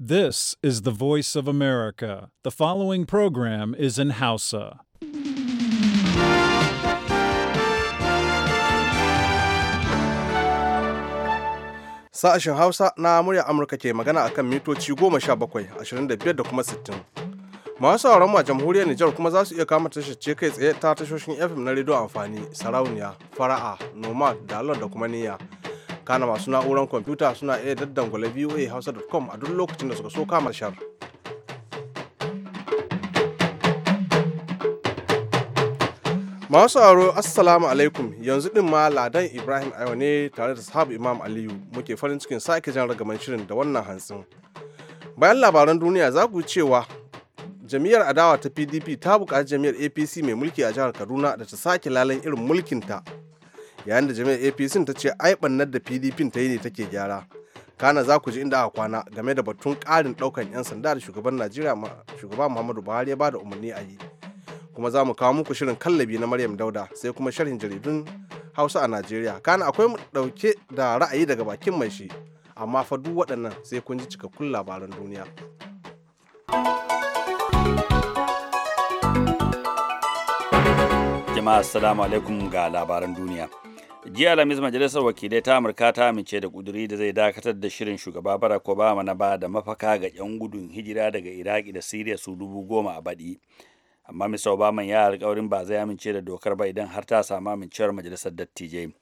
This is the voice of America. The following program is in Hausa. Sashen Hausa na murya Amurka ke magana akan mitoci 17, 25 da kuma 60. Masu sauran a jamhuriyar Nijar kuma za su iya kama tashar kai tsaye ta tashoshin FM na rediyo amfani, sarauniya, fara'a, nomad, dalar da kuma niyya. kana masu na'urar kwamfuta suna iya daddangwale voa hausa.com a duk lokacin da suka so kama shar. Masu aro assalamu alaikum yanzu din ma ladan Ibrahim Ayo ne tare da sahabu Imam Aliyu muke farin cikin sake jan ragaman shirin da wannan hantsin. Bayan labaran duniya za ku cewa jami'ar adawa ta PDP ta buƙaci jami'ar APC mai mulki a jihar Kaduna da ta sake lalan irin mulkinta yayin da jami'ar apc ta ce ai bannar da pdp ta yi ne take gyara kana za ku ji inda aka kwana game da batun karin ɗaukan 'yan sanda da shugaban najeriya shugaba muhammadu buhari ya ba da umarni a yi kuma za mu kawo muku shirin kallabi na maryam dauda sai kuma sharhin jaridun hausa a najeriya kana akwai mu dauke da ra'ayi daga bakin mai shi amma fa duk waɗannan sai kun ji cikakkun labaran duniya jama'a assalamu alaikum ga labaran duniya jiya alhamis majalisar wakilai ta amurka ta amince da kuduri da zai dakatar da shirin shugaba barack obama na ba da mafaka ga 'yan gudun hijira daga iraki da siriya su dubu goma a baɗi amma mr obama ya alkawarin ba zai amince da dokar ba idan har ta samu amincewar majalisar dattijai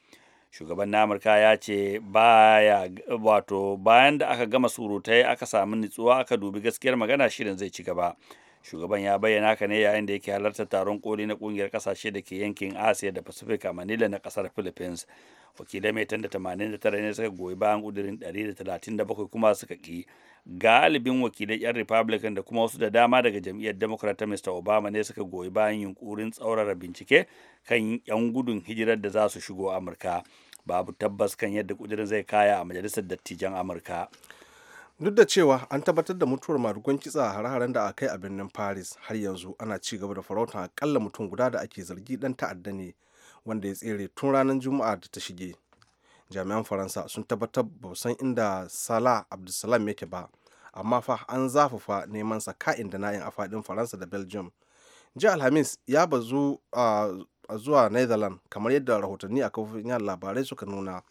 shugaban na amurka ya ce baya wato bayan da aka gama surutai aka samu nutsuwa aka dubi gaskiyar magana shirin zai ci gaba shugaban ya bayyana haka ne yayin da yake halartar taron koli na kungiyar kasashe da ke yankin asiya da pacific a manila na kasar philippines wakilai mai tanda 89 ne suka goyi bayan kudirin 137 kuma suka ki galibin wakilai 'yan republican da kuma wasu da dama daga jam'iyyar democrat ta mr obama ne suka goyi bayan yunkurin tsaurara bincike kan 'yan gudun hijirar da za su shigo amurka babu tabbas kan yadda kudirin zai kaya a majalisar dattijan amurka duk da cewa an tabbatar da mutuwar marugun kitsa a hare-haren da aka kai a birnin paris har yanzu ana ci gaba da farautar akalla mutum guda da ake zargi dan ta'adda ne wanda ya tsere tun ranar juma'a da ta shige jami'an faransa sun tabbatar ba san inda salah abdulsalam yake ba amma fa an zafafa neman sa ka'in da na'in a fadin faransa da belgium ji alhamis ya bazu a ah, zuwa netherlands kamar yadda rahotanni a kafofin labarai suka nuna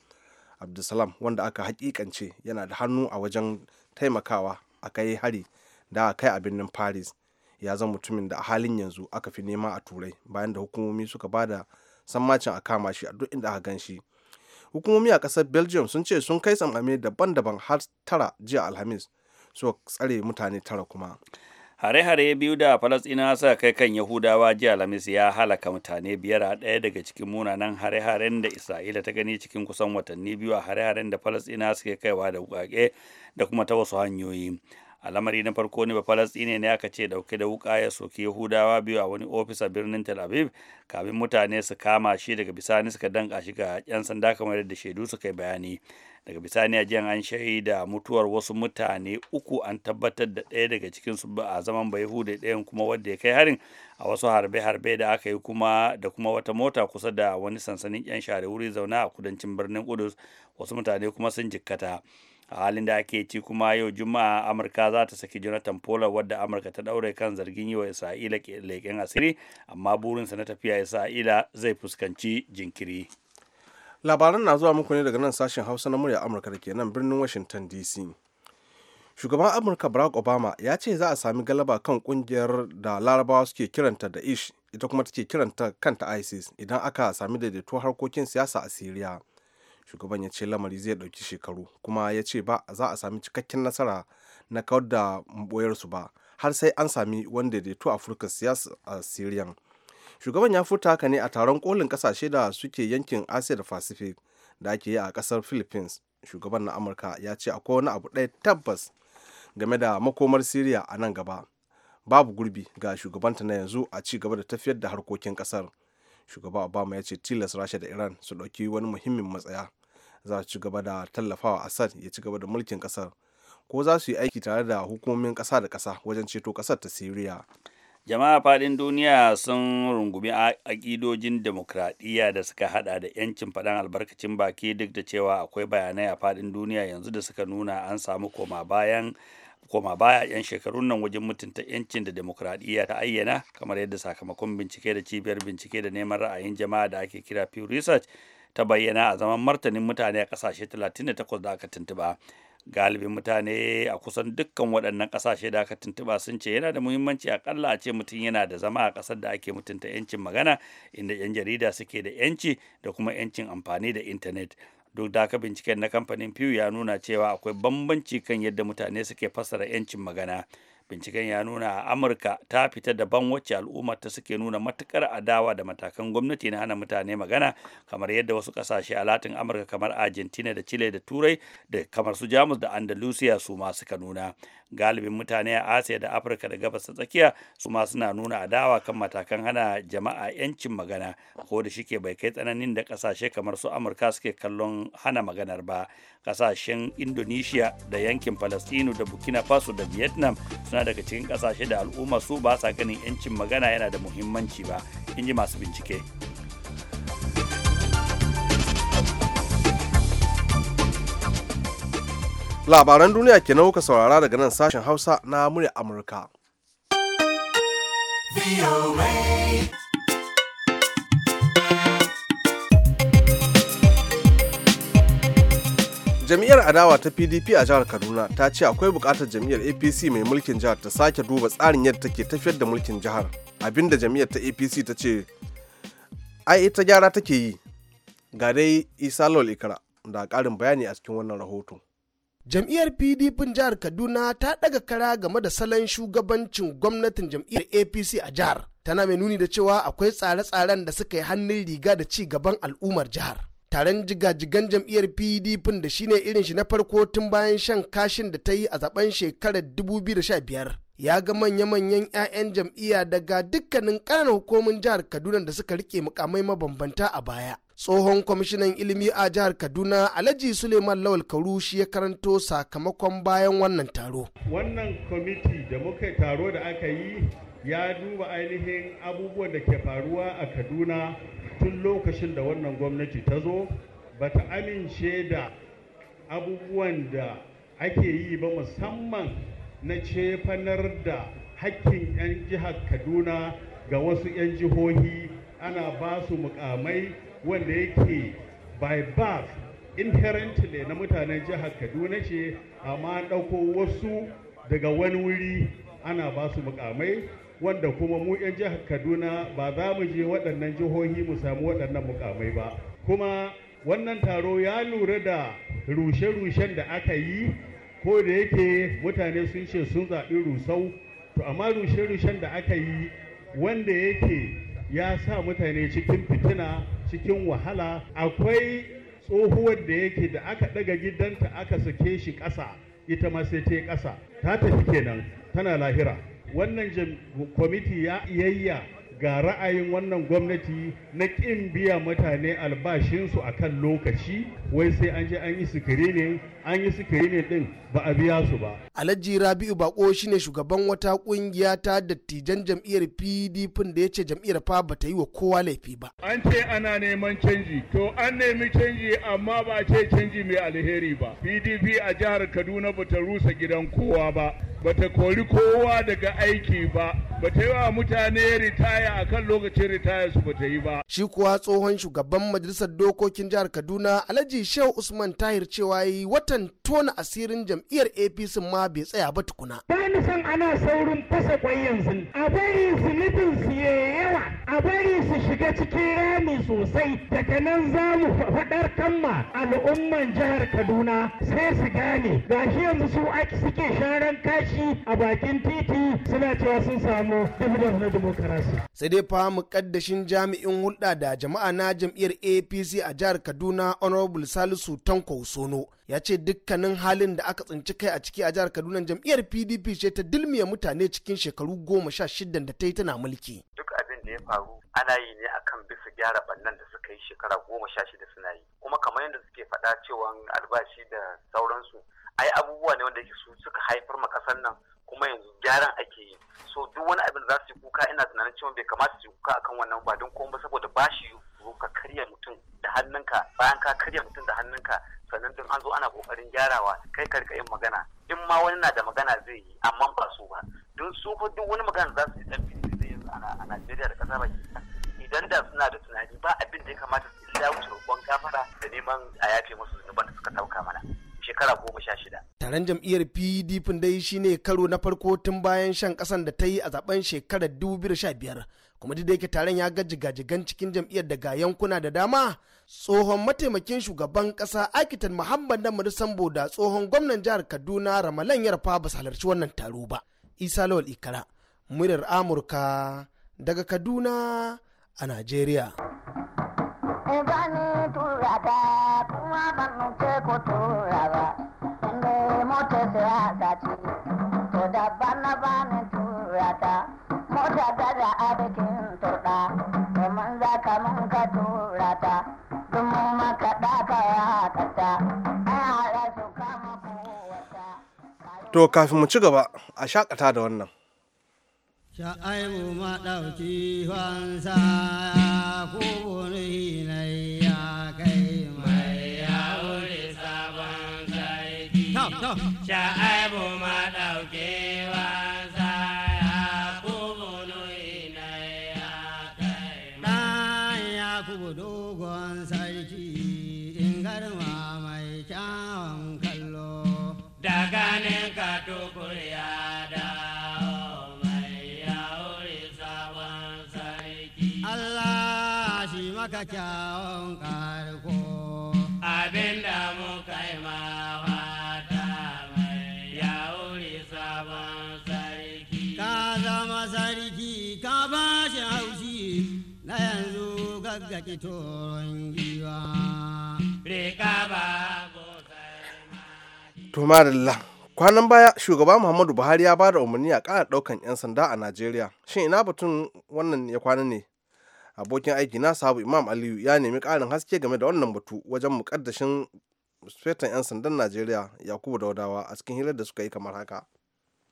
abdulsalam wanda aka hakikance yana da hannu a wajen taimakawa a kai hari da aka kai a birnin paris ya zama mutumin da a halin yanzu aka fi nema a turai bayan da hukumomi suka ba da sammacin a kama shi a duk inda aka gan shi hukumomi a kasar belgium sun ce sun kai tsammani daban-daban har tara jiya alhamis so tsare mutane tara kuma hare-hare biyu da falastina suka kai kan yahudawa jiya lamis ya halaka mutane biyar a ɗaya daga cikin munanan hare-haren da isra'ila ta gani cikin kusan watanni biyu a hare-haren da falasɗinawa suke kaiwa da wuƙaƙe da kuma ta wasu hanyoyi a alamari na farko ne ba falasɗina ne aka ce dauke da wuka ya soki yahudawa biyu a wani ofis a birnin tel aviv kafin mutane su kama shi daga bisani suka danka shi ga yan sanda kamar yadda shaidu suka yi bayani daga bisani a jiyan an shaida mutuwar wasu mutane uku an tabbatar da ɗaya daga cikinsu a zaman bai hude ɗayan kuma wadda ya kai harin a wasu harbe-harbe da aka yi kuma da kuma wata mota kusa da wani sansanin 'yan share wuri zauna a kudancin birnin kudus wasu mutane kuma sun jikkata a halin da ake ci kuma yau juma'a amurka za ta saki jonathan polar wadda amurka ta ɗaure kan zargin yi wa isra'ila leƙen asiri amma burinsa na tafiya isra'ila zai fuskanci jinkiri labaran na zuwa muku ne daga nan sashen hausa na murya amurka da ke nan birnin washington dc shugaban amurka barack obama ya ce za a sami galaba kan kungiyar da larabawa suke kiranta da ish ita kuma take kiranta kanta isis idan aka sami daidaituwar harkokin siyasa a syria shugaban ya ce lamari zai ɗauki shekaru kuma ya ce ba za a sami cikakken nasara na kawar da boyarsu ba har sai an sami wani daidaito a furkar siyasa a syrian shugaban ya furta haka ne a taron kolin kasashe da suke yankin asia da pacific da ake yi a kasar philippines shugaban na amurka ya ce akwai wani abu ɗaya tabbas game da makomar syria a nan gaba babu gurbi ga shugabanta na yanzu a ci gaba da tafiyar da harkokin kasar shugaba obama ya ce tilas rasha da iran su ɗauki wani muhimmin matsaya za su ci gaba da tallafawa assad ya ci gaba da mulkin kasar ko za su yi aiki tare da hukumomin ƙasa da ƙasa wajen ceto ƙasar ta syria jama'a faɗin duniya sun rungumi aƙidojin demokradiyya da suka hada da 'yancin faɗan albarkacin baki duk da cewa akwai bayanai a faɗin duniya yanzu da suka nuna an samu koma bayan koma baya 'yan shekarun nan wajen mutunta 'yancin da demokradiyya ta ayyana kamar yadda sakamakon bincike da cibiyar bincike da neman ra'ayin jama'a da ake kira Pew Research ta bayyana a zaman martanin mutane a kasashe 38 da aka tuntuɓa. galibin mutane a kusan dukkan waɗannan ƙasashe da aka tuntuɓa sun ce yana da muhimmanci akalla a ce mutum yana da zama a ƙasar da ake mutunta 'yancin magana inda 'yan jarida suke da 'yanci da kuma 'yancin amfani da intanet duk da haka binciken na kamfanin Pew ya nuna cewa akwai bambanci kan yadda mutane suke fassara 'yancin magana binciken ya nuna a amurka ta fita daban wacce al'ummar ta suke nuna matukar adawa da matakan gwamnati na hana mutane magana kamar yadda wasu kasashe a latin amurka kamar argentina da chile da turai da kamar su jamus da andalusia su ma suka nuna galibin mutane a asiya da afirka da gabas ta tsakiya su ma suna nuna adawa kan matakan hana jama'a yancin magana ko da shike bai kai tsananin da kasashe kamar su amurka suke kallon hana maganar ba kasashen indonesia da yankin palestine da burkina faso da vietnam suna daga cikin kasashe da al'umma su ba sa ganin yancin magana yana da muhimmanci ba in ji masu bincike labaran duniya ke kuka saurara daga nan sashen hausa na murya amurka Jami'ar adawa ta pdp a jihar kaduna ta ce akwai bukatar jam'iyyar apc mai mulkin jihar ta sake duba tsarin yadda take tafiyar da mulkin jihar abinda jam'iyyar ta apc ta ce ai ita gyara take yi ga dai isa lol ikara, da karin bayani a cikin wannan rahoton jam'iyyar pdp jihar kaduna ta daga kara game da salon shugabancin gwamnatin jam'iyyar apc a jihar tana mai nuni da cewa akwai tsare-tsaren da suka yi hannun riga da ci gaban al'ummar jihar taron jigajigan jam'iyyar pdp da shine irin shi na farko tun bayan shan kashin da ta yi a zaben shekarar 2015 ya ga manya-manyan 'ya'yan jam'iyya daga dukkanin ƙananan hukumomin jihar kaduna da suka rike mukamai mabambanta a baya tsohon kwamishinan ilimi a jihar kaduna alhaji suleiman lawal kauru shi ya karanto sakamakon bayan wannan taro wannan kwamiti da muka taro da aka yi ya duba ainihin abubuwan da ke faruwa a kaduna tun lokacin da wannan gwamnati ta zo ba ta amince da abubuwan da ake yi ba musamman na cefanar da hakkin 'yan jihar kaduna ga wasu 'yan jihohi ana ba su mukamai wanda yake by birth inherently na mutanen jihar kaduna ce amma an ɗauko wasu daga wani wuri ana ba su mukamai wanda kuma mu 'yan jihar kaduna ba za mu je waɗannan jihohi mu samu waɗannan mukamai ba kuma wannan taro ya lura da rushe-rushen da aka yi ko da yake mutane sun ce sun zaɓi rusau to amma rushe-rushen da aka yi wanda yake ya sa mutane cikin fitina cikin wahala akwai tsohuwar da yake da aka daga gidanta aka sake shi ƙasa ita ma sai ta yi ƙasa ta tafi kenan tana lahira wannan kwamiti ya yayya ga ra'ayin wannan gwamnati na ƙin biya mutane albashinsu a kan lokaci wai sai an je an yi sikiri ne an yi sikiri ne ɗin ba a biya su ba. Alhaji Rabi'u Bako shine shugaban wata ƙungiya ta dattijan jam'iyyar PDP da ya ce jam'iyyar fa ba ta yi wa kowa laifi ba. An ce ana neman canji to an nemi canji amma ba ce canji mai alheri ba. PDP a jihar Kaduna ba ta rusa gidan kowa ba. bata kori kowa daga aiki ba bata yi wa mutane ritaya a kan lokacin ritaya su bata yi ba shi kuwa tsohon shugaban majalisar dokokin jihar kaduna alhaji shehu usman tahir cewa yi watan tona asirin jam'iyyar apc ma bai tsaya ba tukuna ba san ana saurin fasa kwai yanzu a bari zunubin su yawa a bari su shiga cikin rami sosai daga nan za mu faɗar kanma al'umman jihar kaduna sai su gane Ga shi yanzu su ake suke sharan kashi shi a bakin titi suna cewa sun samu dividends na demokarasi. Sai dai fa mukaddashin jami'in hulɗa da jama'a na jam'iyyar APC a jihar Kaduna Honorable Salisu Tanko Sono ya ce dukkanin halin da aka tsinci kai a ciki a jihar Kaduna jam'iyyar PDP ce ta dilmiya mutane cikin shekaru goma sha shidda da ta yi tana mulki. Duk abin da ya faru ana yi ne akan bisa gyara bannan da suka yi shekara goma sha shida suna yi kuma kamar yadda suke faɗa cewa albashi da sauransu ai abubuwa ne wanda yake su suka haifar ma kasar nan kuma yanzu gyaran ake yi so duk wani abin da za su yi kuka ina tunanin cewa bai kamata su yi kuka akan wannan ba don kuma saboda ba shi ka karya mutum da hannunka bayan ka karya mutum da hannunka sannan din an zo ana kokarin gyarawa kai ka yin magana in ma wani na da magana zai yi amma ba su ba don su fa duk wani magana za su yi dan fili zai yi a Najeriya da kasa baki idan da suna da tunani ba abin da ya kamata su illa wuce roƙon gafara da neman a yafe musu zunuban da suka tauka mana shekara goma sha shida. Taron jam'iyyar PDP dai shine karo na farko tun bayan shan kasan da ta yi a zaben shekarar 2015 kuma duk da yake taron ya gaji gajigan cikin jam'iyyar daga yankuna da dama tsohon mataimakin shugaban kasa akitan muhammad na sambo da tsohon gwamnan jihar kaduna ramalan yarfa ba su halarci wannan taro ba isa lawal ikara muryar amurka daga kaduna a najeriya ba bani tura ta kuma ban ce ko tura ba inda mota siyasa ce to dabba na ba ni tura ta mota ta da abikin turɗa domin za ka mun ka tura ta dun mu maka ka ya kata To kafin mu ci gaba a shakata da wannan. sha'ai mu ma ɗauki fansa ko ne ya kai mai ya sabon sarki mu ka kyawun karko abin da muka yi ta mai ya wuri sabon sarki ka zama sarki ka ba shi haushi na yanzu gaggaki turon giwa rika ba to madalla kwanan baya shugaba muhammadu buhari ya ba da umarni a ƙara ɗaukan 'yan sanda a najeriya shin ina batun wannan ya kwana ne abokin aiki na sabu imam aliyu ya nemi ƙarin haske game da wannan batu wajen mukaddashin fetan 'yan sandan najeriya yakubu daudawa a cikin hirar da suka yi kamar haka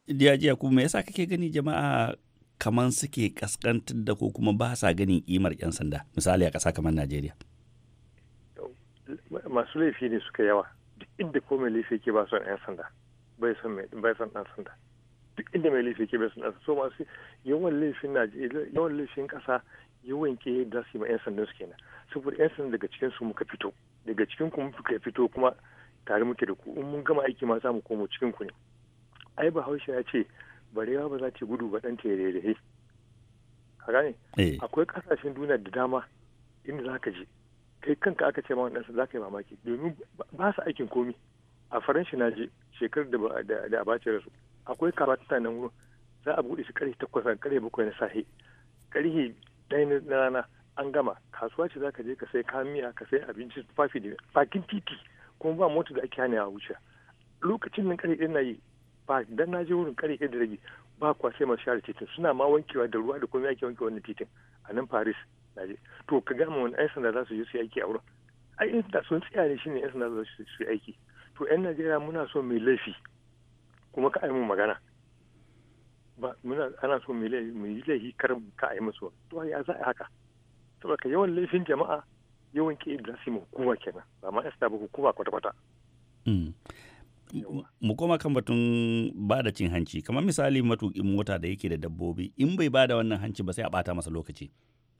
diyaji yakubu me yasa kake gani jama'a kamar suke kaskantar da ko kuma ba sa ganin kimar 'yan sanda misali a ƙasa kamar najeriya masu laifi ne suka yawa duk inda ko mai laifi ke ba son 'yan sanda bai son ɗan sanda duk inda mai laifi ke bai son ɗan sanda so masu yawan laifin yawan laifin ƙasa yawanke da su yi ma 'yan sandan su kenan saboda 'yan sandan daga cikin su muka fito daga cikin ku muka fito kuma tare muke da ku in mun gama aiki ma za mu komo cikin ku ne ai bahaushe ya ce barewa ba za ta gudu ba dan hei ka gane eh. akwai kasashen duniya da dama inda za ka je kai kanka aka ce ma wannan za ka yi mamaki domin ba su aikin komi a faranshi na je shekarar da da su rasu akwai karatu nan wurin za a buɗe shi karfe takwas karfe bakwai na safe karfe ɗaya na rana an gama kasuwa ce zaka je ka sai kamiya miya ka sai abinci fafi da bakin titi kuma ba mota da ake hana a wuce lokacin nan kare na yi ba dan na je wurin kare da rabi ba kwa sai masu share titin suna ma wankewa da ruwa da kuma ake wanke wannan titin a nan Paris na je to ka gama wani ɗan sanda za su je su yi aiki a wurin ai in da sun tsaya ne shine ɗan sanda za su yi aiki to 'yan Najeriya muna so mai laifi kuma ka mu magana ba muna ana so mu yi laifi kar ka a yi musu to ya za a haka saboda yawan laifin jama'a yawan ke da su kuwa kenan ba ma yasta ba kuwa kwata-kwata. Hmm. Mu koma kan batun ba da cin hanci kamar misali matuƙin mota da yake da dabbobi in bai ba da wannan hanci ba sai a ɓata masa lokaci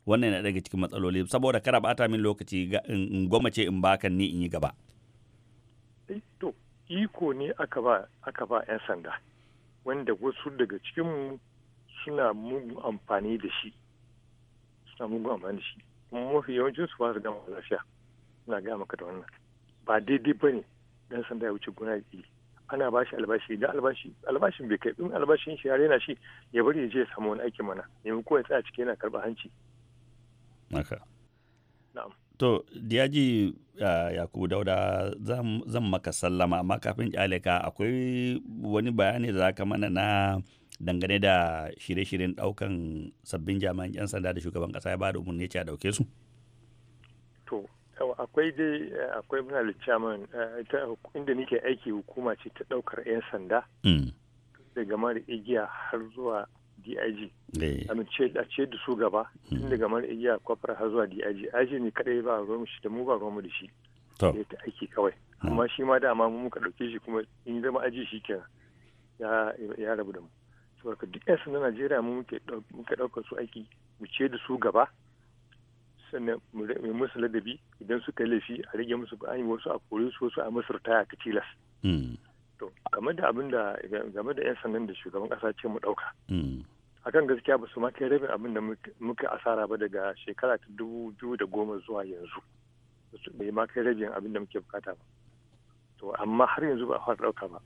wannan yana daga cikin matsaloli saboda kada bata min lokaci in gwamace in baka ni in yi gaba. Eh, to iko ne aka ba 'yan sanda. wanda wasu daga cikinmu suna mugun amfani da shi suna mugun amfani da shi kuma mafi yawancinsu su ba su gama lafiya suna gaya maka da wannan ba daidai ba ne dan sanda ya wuce gona iri ana ba shi albashi idan albashi albashin bai kai in albashin shi ya rena shi ya bari ya je ya samu wani aikin mana ko ya tsaya ciki yana karɓa hanci. Na'am. To, diyaji Yakubu Dauda zan maka sallama, amma kafin kyaleka akwai wani bayani da zaka mana na dangane da shirye-shiryen daukan sabbin jami'an 'yan sanda da shugaban kasa ya bada umarni ce a dauke su? To, akwai dai akwai muna da chairman eh, inda nike aiki hukuma ce ta ɗaukar 'yan sanda mm. daga mara igiya har zuwa dig eh. ce a ce da su gaba tun hmm. daga mana iya kwafar har zuwa dig aji ne kadai ba a shi da mu ba ruwan mu da shi ya ta aiki kawai hmm. amma shi ma dama mu muka dauke shi kuma in zama aji shi kenan ya rabu da mu saboda duk yasa na najeriya mu muka ɗauka su aiki mu ce da su gaba sannan mu musu ladabi idan suka laifi a rage musu ba yi wasu a kore su wasu a musu ritaya ta tilas hmm. to game da abin da game da yan sandan da shugaban kasa ce mu ɗauka akan gaskiya ba su ma kai rabin abin da muka asara ba daga shekara ta dubu biyu da goma zuwa yanzu bai ma kai rabin abin da muke bukata ba to amma har yanzu ba a fara ɗauka ba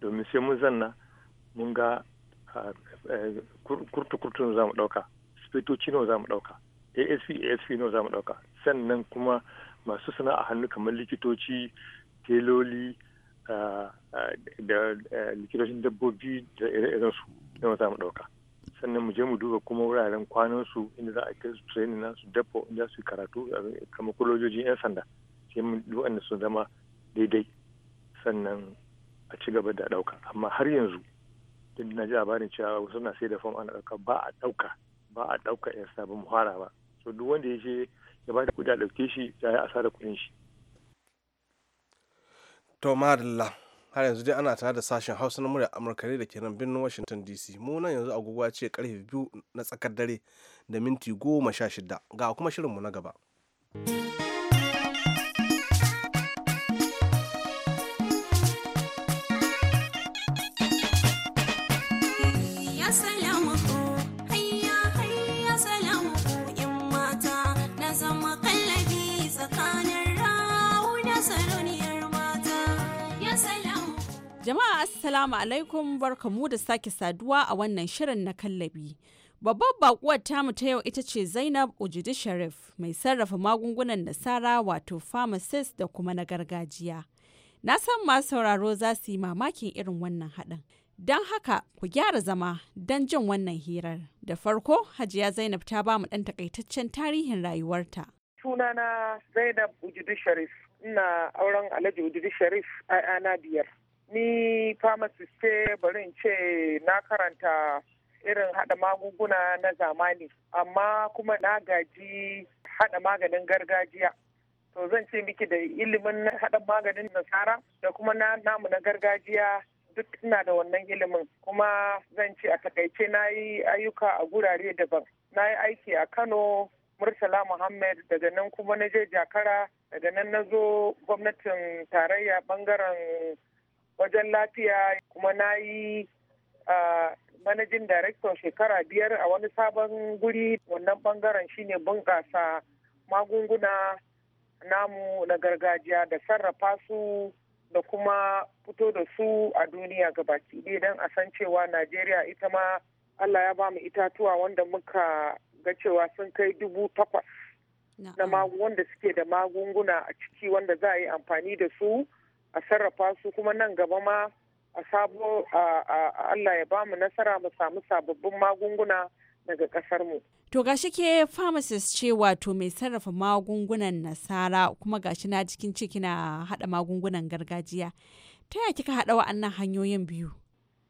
domin sai mun zanna mun ga kurtukurtun za mu ɗauka spetoci nawa za mu ɗauka asp asp nawa za mu ɗauka sannan kuma masu sana'a hannu kamar likitoci teloli da likitocin dabbobi da irin su nawa za mu ɗauka sannan mu je mu duba kuma wuraren kwanan su inda za a kai su training na su depo inda su karatu kamar kulojojin yan sanda sai duba wanda su zama daidai sannan a ci gaba da ɗauka amma har yanzu duk na ji labarin cewa wasu na sai da fam ana ɗauka ba a ɗauka ba a ɗauka yan sabon muhara ba so duk wanda ya je ya ba da kuɗi a ɗauke shi ya yi asarar kuɗin shi. to madalla har yanzu dai ana tare da sashen hausa na murya amurka ne da ke nan birnin washington dc mu nan yanzu agogo ce karfe biyu na tsakar dare da minti goma sha shida ga kuma shirinmu na gaba. Jama'a Assalamu alaikum barkamu da sake saduwa a wannan shirin na kallabi. Babbar bakuwar tamu ta yau ita ce Zainab Ujidi Sharif mai sarrafa magungunan nasara wato pharmacist da kuma na gargajiya. Na san masu sauraro za su yi mamakin irin wannan haɗin. Don haka ku gyara zama don jin wannan hirar. Da farko Hajiya Zainab ta ba mu ɗan takaitaccen tarihin rayuwarta. Sunana Zainab Ujidi Sharif. Ina auren Alhaji Ujidi Sharif a biyar. ni pharmacist ce bari in ce na karanta irin hada magunguna na zamani amma kuma na gaji hada maganin gargajiya to zan ce miki da ilimin na hada maganin nasara da kuma na namu na gargajiya duk ina da wannan ilimin kuma zan ce a takaice na yi ayyuka a gurare daban na yi aiki a kano murtala muhammad daga nan kuma na je jakara daga nan na zo gwamnatin tarayya bangaren wajen lafiya kuma na yi manajin director shekara biyar a wani sabon guri wannan bangaren shine bunƙasa magunguna namu na gargajiya da sarrafa su da kuma fito da su a duniya gabaki ɗaya don a san cewa najeriya ita ma allah ya ba mu itatuwa wanda muka ga cewa sun kai dubu takwas na wanda suke da magunguna a ciki wanda za a yi amfani da su a sarrafa su kuma nan gaba ma a sabo Allah ya bamu nasara mu samu sababbin magunguna daga kasar mu. To gashi ke pharmacist ce wato mai sarrafa magungunan nasara kuma gashi na cikin ciki na haɗa magungunan gargajiya. Ta yaya kika haɗa wa'annan hanyoyin biyu?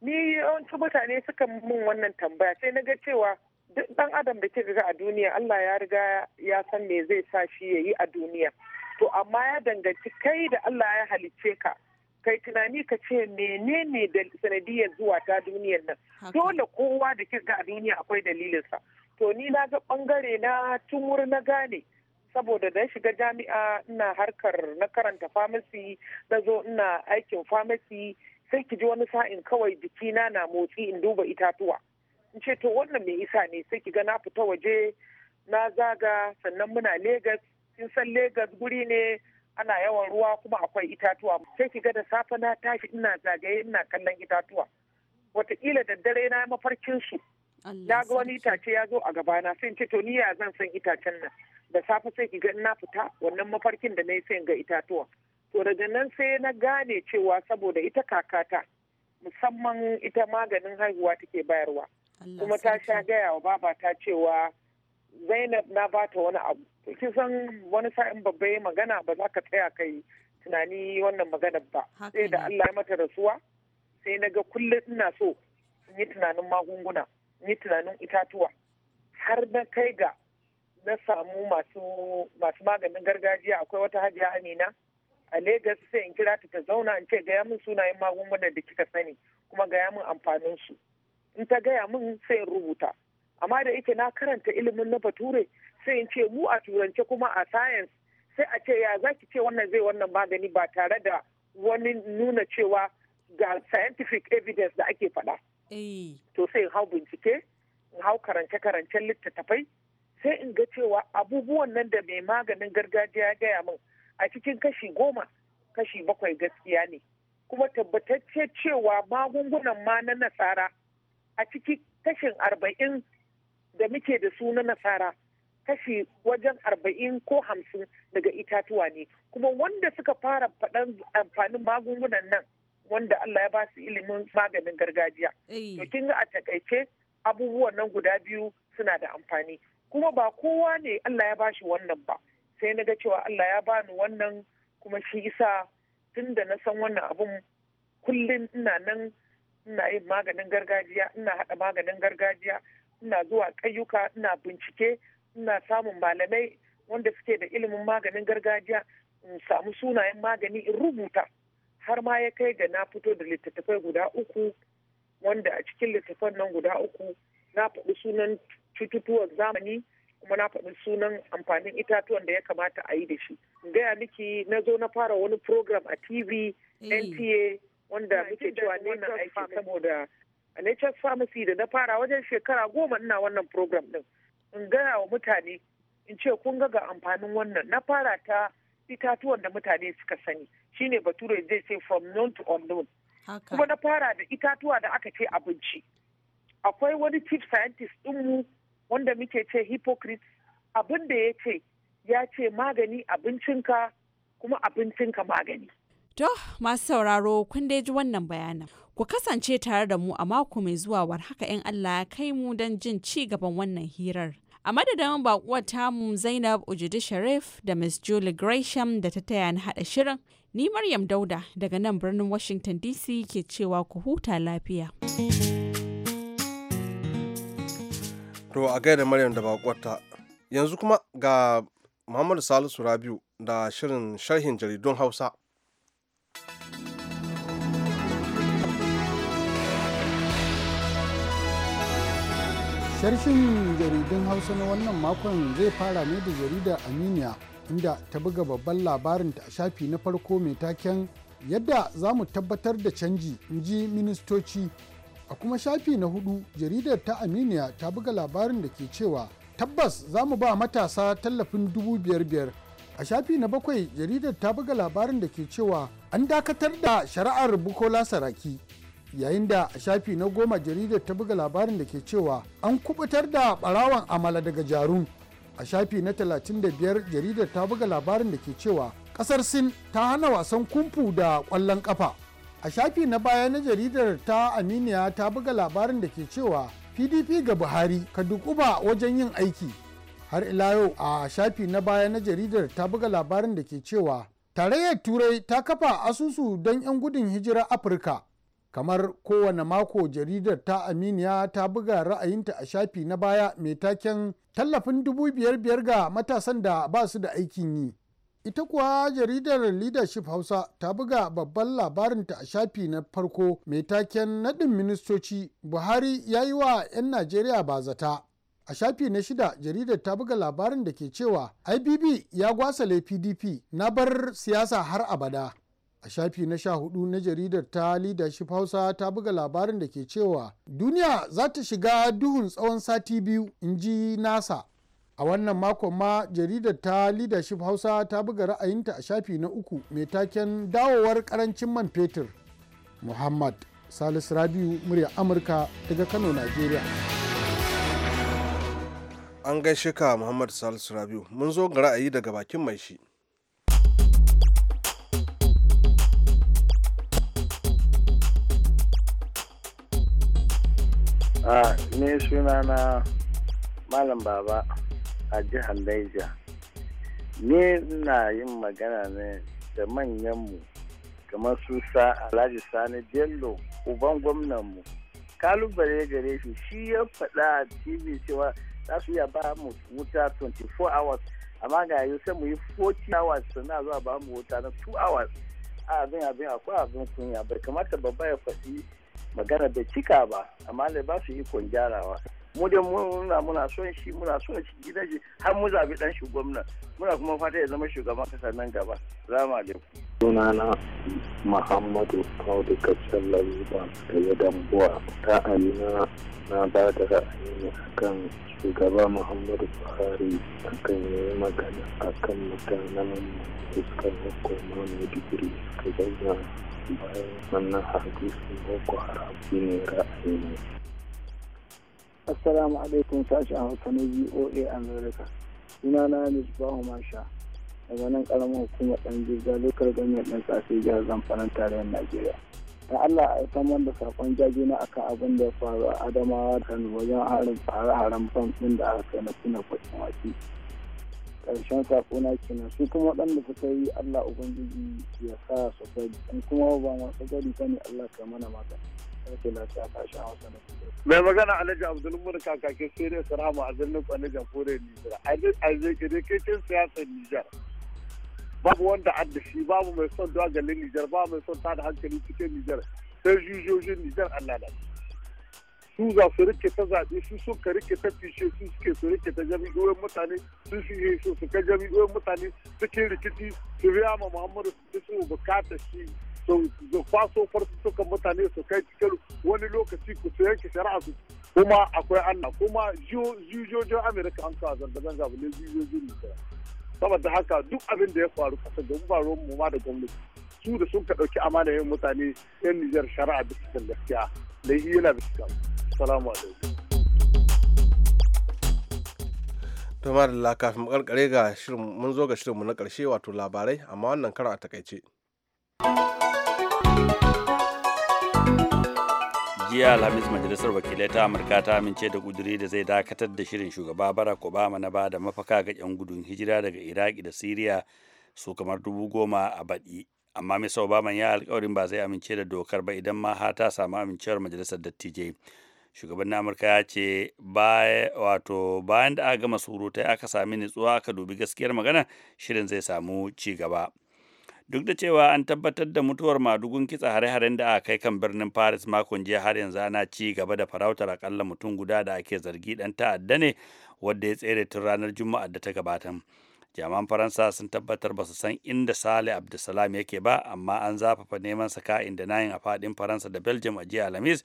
Ni yawancin mutane suka mun wannan tambaya sai na ga cewa duk ɗan adam da kika ga a duniya Allah ya riga ya san me zai sa shi ya yi a duniya. to amma ya danganci kai da Allah ya halicce ka kai tunani ka ce menene da sanadiyar zuwa ta duniyar nan dole kowa da kika ga a duniya akwai dalilinsa to ni na ga bangare na tumur na gane saboda da shiga jami'a ina harkar na karanta famasi na zo ina aikin famasi sai ki ji wani sa'in kawai jikina na motsi in duba itatuwa in ce to wannan mai isa ne sai ki ga na fita waje na zaga sannan muna Legas kin san Legas guri ne ana yawan ruwa kuma akwai itatuwa sai ki ga da safe na tashi ina zagaye ina kallon itatuwa wataƙila da dare na mafarkin su na ga wani itace ya zo a gabana sai ce to ni zan san itacen nan da safe sai ki ga na fita wannan mafarkin da na yi sai ga itatuwa to daga nan sai na gane cewa saboda ita kakata musamman ita maganin haihuwa take bayarwa kuma ta sha gaya wa babata cewa zainab na bata wani abu kin san wani sa'in babba ya magana ba za ka tsaya kai tunani wannan magana ba sai da Allah ya mata rasuwa sai na ga kullum ina so in yi tunanin magunguna in yi tunanin itatuwa har na kai ga na samu masu maganin gargajiya akwai wata hajiya amina a Legas sai in kira ta ta zauna in ce gaya min sunayen magungunan da kika sani kuma gaya min amfanin su in ta gaya min sai in rubuta amma da yake na karanta ilimin na bature sai in ce mu a turance kuma a science sai a ce ya zaki ce wannan zai wannan magani ba tare da wani nuna cewa ga scientific evidence da ake faɗa. Eh. To sai in hau bincike, in hau karance-karancen littattafai, sai in ga cewa abubuwan nan da mai maganin gargajiya gaya min a cikin kashi goma, kashi bakwai gaskiya ne. Kuma tabbatacce cewa magungunan ma na nasara a cikin kashin arba'in da muke da su na nasara kashi wajen arba'in ko hamsin daga itatuwa ne kuma wanda suka fara faɗan amfanin magungunan nan wanda Allah ya ba su ilimin maganin gargajiya. To kin ga a takaice abubuwan nan guda biyu suna da amfani kuma ba kowa ne Allah ya bashi wannan ba sai na ga cewa Allah ya ba ni wannan kuma shi isa tun da na san wannan abun kullum ina nan ina yin maganin gargajiya ina haɗa maganin gargajiya ina zuwa ƙayyuka ina bincike ina samun malamai wanda suke da ilimin maganin gargajiya in samu sunayen magani in rubuta har ma ya kai ga na fito da littattafai guda uku wanda a cikin littattafan nan guda uku na faɗi sunan cututtuwan zamani kuma na faɗi sunan amfanin itatuwan da ya kamata a yi da shi gaya miki na zo na fara wani program a tv eh. nta wanda muke cewa ne na aiki saboda a nature pharmacy da na fara wajen shekara goma ina wannan program din in gaya wa mutane in ce kun ga ga amfanin wannan na fara ta itatuwan da mutane suka sani shine bature zai sai from known to unknown kuma na fara da itatuwa da aka ce abinci akwai wani chief scientist dinmu wanda muke ce hypocrite abin da ya ce ya ce magani abincinka kuma abincinka magani To masu sauraro kun dai ji wannan bayanan. Ku kasance tare da mu a mako mai zuwa war haka 'yan Allah ya kai mu don jin ci gaban wannan hirar. A madadin bakuwar tamu Zainab Ujidi Sharif da Miss Julie Gresham da ta taya na haɗa shirin, ni Maryam Dauda daga nan birnin Washington DC ke cewa ku huta lafiya. To a gaida Maryam da bakuwarta Yanzu kuma ga Muhammadu Salisu Rabiu da shirin sharhin jaridun Hausa. Sharshin jaridun Hausa na wannan makon zai fara ne da jaridar Aminiya inda ta buga babban labarinta a shafi na farko mai taken yadda za mu tabbatar da canji in ji ministoci a kuma shafi na hudu jaridar ta aminiya ta buga labarin da ke cewa tabbas za mu ba matasa tallafin dubu biyar biyar a shafi na bakwai jaridar ta buga labarin da ke cewa an dakatar da shari'ar bukola saraki yayin da a shafi na goma jaridar ta buga labarin da ke cewa an kubutar da barawan amala daga jarum a shafi na 35 jaridar ta buga labarin da ke cewa kasar sin ta hana wasan kumfu da kwallon kafa a shafi na baya na jaridar ta aminiya ta buga labarin da ke cewa pdp ga buhari ka duk uba wajen yin aiki har ila yau a shafi na baya na jaridar ta buga labarin da ke cewa tarayyar turai ta kafa asusu don 'yan gudun hijirar afirka kamar kowane mako jaridar ta aminiya ta buga ra'ayinta a shafi na baya mai taken tallafin dubu biyar biyar ga matasan da ba su da aikin yi ita kuwa jaridar leadership hausa ta buga babban labarinta a shafi na farko mai taken naɗin ministoci buhari ya yi wa 'yan najeriya ba zata a shafi na shida jaridar ta buga labarin da ke cewa ibb ya gwasale pdp na bar siyasa har abada a shafi na sha hudu na jaridar ta leadership hausa ta buga labarin da ke cewa duniya za ta shiga duhun tsawon sati biyu in ji nasa a wannan makon ma jaridar ta leadership hausa ta buga ra'ayinta a shafi na uku mai taken dawowar karancin man fetur muhammad salisu rabiu murya amurka daga kano nigeria an gaishe ka muhammad salisu rabiu mun zo ga ra'ayi daga bakin mai shi ne suna na malam baba a jihar Niger. ne na yin magana ne da manyanmu kamar su sa alhaji sani bello uban gwamnanmu kalubale gare shi shi ya faɗa a tv cewa za su iya ba mu wuta 24 hours amma ga yi sai mu yi 40 hours sannan zuwa ba mu wuta na 2 hours a abin abin akwai abin kunya bai kamata babba ya faɗi magana da cika ba amma da ba su ikon gyarawa mu da muna muna son shi muna son shi gidaje shi har mu zabi dan shi gwamna muna kuma fata ya zama shugaban kasa nan gaba salamu suna sunana muhammadu audu kacin laluba da ya dambuwa amina na ba da ra'ayi akan shugaba muhammadu buhari akan yi magana akan mutanen fuskar hukuma mai digiri suka zauna bayan wannan hadisi boko haram ne ra'ayi ne assalamu alaikum sashi hausa na voa america suna na misbahu masha daga nan karamin hukumar ɗan jirga lokar gwamnati dan tsafi jihar zamfaran tarayyar najeriya da allah a san wanda sakon jaji na aka abin da ya faru a adamawa kan wajen harin fara haren bam ɗin da aka kai na kuna kwakin waki karshen sako na kenan su kuma waɗanda suka yi allah ubangiji ya sa su gari in kuma ba masu gari ba ne allah kai mana magana nake lafiya sashen hausa na mai magana alhaji abdulmur kakakin sai sarama a zirnin kwanin jamhuriyar nijar a zikirikin siyasar nijar babu wanda an shi babu mai son zuwa galin nijar babu mai son tada hankali cikin nijar sai jujojin nijar allah da su za su rike ta zaɓe su sun ka rike ta fishe su suke su rike ta jami'oyin mutane su su su ka jami'oyin mutane ke rikici su biya ma muhammadu su su bukatar shi su farko suka mutane su kai cikin wani lokaci ku su yanke shari'a su kuma akwai Allah kuma jujojin Amerika an kawo zanga-zanga ne jujojin Nijar. Saboda haka duk abin da ya faru kasa ga ruwan mu ma da gwamnati su da sun ka ɗauki amana yin mutane 'yan Nijar shari'a su kan gaskiya da yi yana bisa kan. Salamu alaikum. ma da kafin makarkare ga shirin mun zo ga shirinmu na karshe wato labarai amma wannan kara a takaice. jiya alhamis majalisar wakilai ta amurka ta amince da kuduri da zai dakatar da shirin shugaba barack obama na ba da mafaka ga 'yan gudun hijira daga iraki da siriya su kamar dubu goma a baɗi amma mista obama ya alkawarin ba zai amince da dokar ba idan ma har ta samu amincewar majalisar dattijai shugaban amurka ya ce wato bayan da aka gama surutai aka sami nutsuwa aka dubi gaskiyar magana shirin zai samu ci gaba duk da cewa an tabbatar da mutuwar madugun kitsa hare-haren da aka kai kan birnin paris makon jiya har yanzu ana ci gaba da farautar akalla mutum guda da ake zargi dan ta'adda ne wadda ya tsere tun ranar juma'a da ta gabata jaman faransa sun tabbatar ba su san inda sale abdulsalam yake ba amma an zafafa neman sa ka inda nayin a fadin faransa da belgium a jiya alhamis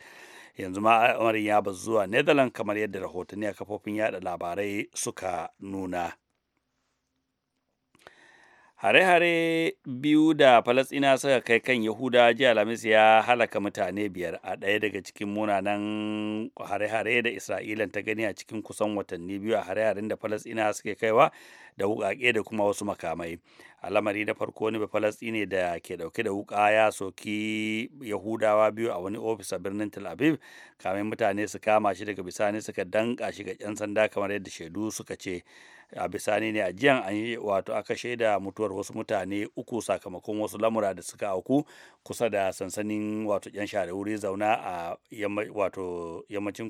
yanzu ma al'amarin ya bazu zuwa netherlands kamar yadda rahotanni a kafofin yada labarai suka nuna Hare-hare biyu da Falasɗina suka kai kan Yahuda jiya Alhamis ya halaka mutane biyar a ɗaya daga cikin munanan hare-hare da Isra'ila ta gani a cikin kusan watanni biyu a hare-haren da falasina suke kaiwa da wuƙaƙe da kuma wasu makamai a lamari na farko wani ne da ke ɗauke da wuka ya soki yahudawa biyu a wani ofis a birnin tel aviv kamin mutane su kama shi daga bisani suka danka shi ga 'yan sanda kamar yadda shaidu suka ce a bisani ne a jiyan an wato aka shaida mutuwar wasu mutane uku sakamakon wasu lamura da suka auku kusa da sansanin wato 'yan share wuri zauna a yammacin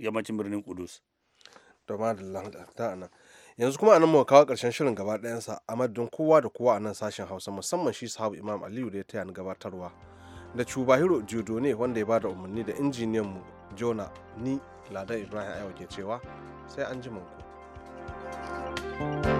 yammacin birnin kudus. yanzu kuma anan muka kawo karshen shirin gaba ɗayansa a madadin kowa da kowa a nan sashen hausa musamman shi sahabu imam aliyu da ya taya ni gabatarwa da cubahiro jodo ne wanda ya bada umarni da injiniyan mu jona ni ladan ibrahim ayo ke cewa sai an ji ku. thank you